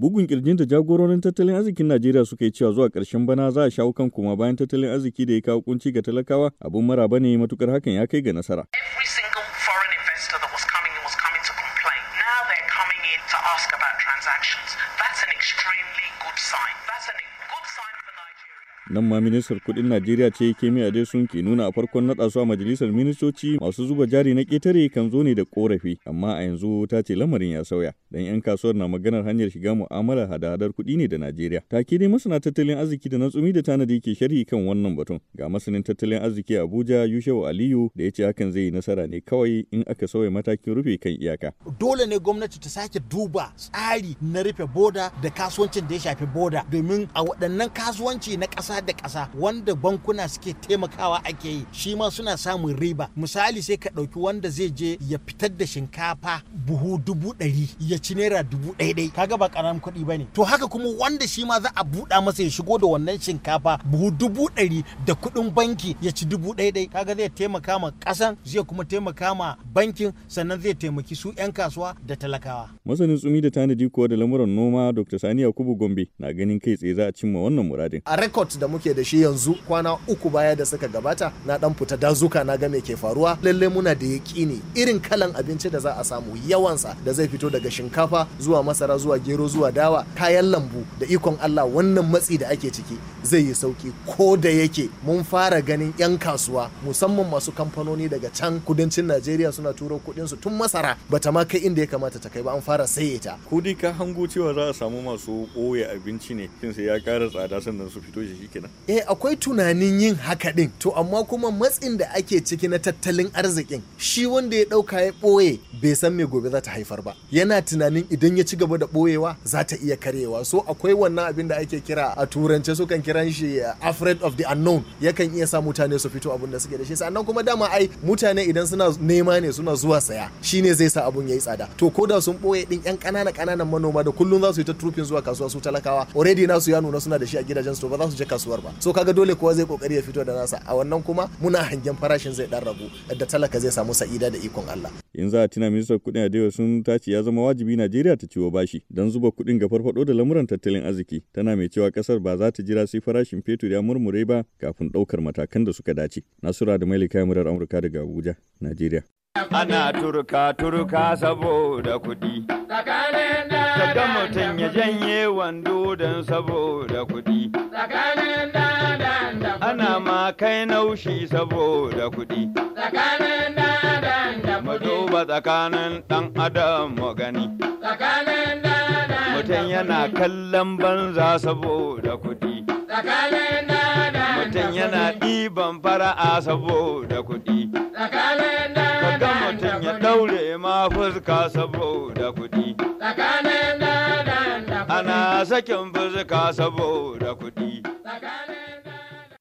bugun kirjin da jagororin tattalin arzikin Najeriya suka yi cewa zuwa ƙarshen bana za a shawo kan kuma bayan tattalin arziki da ya kawo kunci ga talakawa abun maraba ne matukar hakan ya kai ga nasara. That's an extremely good sign. That's an nan ma ministar kudin najeriya ce kemi sun ke nuna a farkon naɗa su a majalisar ministoci masu zuba jari na ketare kan zo ne da korafi amma a yanzu ta ce lamarin ya sauya dan yan kasuwar na maganar hanyar shiga mu'amalar hada-hadar kuɗi ne da najeriya take dai masana tattalin arziki da natsumi da tanadi ke sharhi kan wannan batun ga masanin tattalin arziki abuja yusuf aliyu da ya ce hakan zai yi nasara ne kawai in aka sauya matakin rufe kan iyaka dole ne gwamnati ta sake duba tsari na rufe boda da kasuwancin da ya shafi boda domin a waɗannan kasuwanci na ƙasa ƙasa da ƙasa wanda bankuna suke taimakawa ake yi shi ma suna samun riba misali sai ka ɗauki wanda zai je ya fitar da shinkafa buhu dubu ɗari ya ci naira dubu ɗaya ɗai kaga ba ƙaramin kuɗi ba ne to haka kuma wanda shi ma za a buɗa masa ya shigo da wannan shinkafa buhu dubu ɗari da kuɗin banki ya ci dubu ɗaya ɗai kaga zai taimaka ma ƙasan zai kuma taimaka ma bankin sannan zai taimaki su 'yan kasuwa da talakawa. masanin tsumi da tanadi kuwa da lamuran noma dr sani yakubu gombe na ganin kai tsaye za a cimma wannan muradin. a records da muke da shi yanzu kwana uku baya da suka gabata na dan fita dazuka na ga me ke faruwa lalle muna da yakini irin kalan abinci da za a samu yawansa da zai fito daga shinkafa zuwa masara zuwa gero zuwa dawa kayan lambu da ikon Allah wannan matsi da ake ciki zai yi sauki ko da yake mun fara ganin 'yan kasuwa musamman masu kamfanoni daga can kudancin Najeriya suna turo kuɗin su tun masara bata ma kai inda ya kamata ta kai ba an fara saye ta. Kudi ka hango cewa za a samu masu ɓoye abinci ne sai ya ƙara tsada sannan su fito shi kenan eh akwai tunanin yin haka din to amma kuma matsin da ake ciki na tattalin arzikin shi wanda ya dauka ya boye bai san me gobe za ta haifar ba yana tunanin idan ya ci gaba da boyewa za ta iya karewa so akwai wannan abin da ake kira a turance su kan kiran shi eh, afraid of the unknown yakan iya sa mutane su fito abin da suke da shi sannan kuma dama ai mutane idan suna nema ne suna zuwa saya shine zai sa abun yayi tsada to ko da sun boye din yan kanana kananan manoma da kullun za su yi ta trupin zuwa kasuwa su talakawa already nasu ya nuna suna da shi a gidajen su ba za su je kasuwa kasuwar ba so kaga dole kowa zai kokari ya fito da nasa a wannan kuma muna hangen farashin zai dan ragu da talaka zai samu sa'ida da ikon Allah in za a tina ministan kudin adewa sun tace ya zama wajibi Najeriya ta ciwo bashi don zuba kudin ga farfado da lamuran tattalin arziki tana mai cewa kasar ba za ta jira sai farashin fetur ya murmure ba kafin daukar matakan da suka dace Nasura da Mailika Murar Amurka daga Abuja Najeriya Ana turka turka saboda kuɗi. saka mutum ya janye wando don saboda kuɗi. Ana ma kai naushi saboda kuɗi. Mu duba tsakanin ɗan adam mu gani. Mutum yana kallon banza saboda kuɗi. Mutum yana ɗiban fara'a saboda kuɗi. fuska saboda kuɗi. Tsakanin da da Ana sakin fuska saboda kuɗi.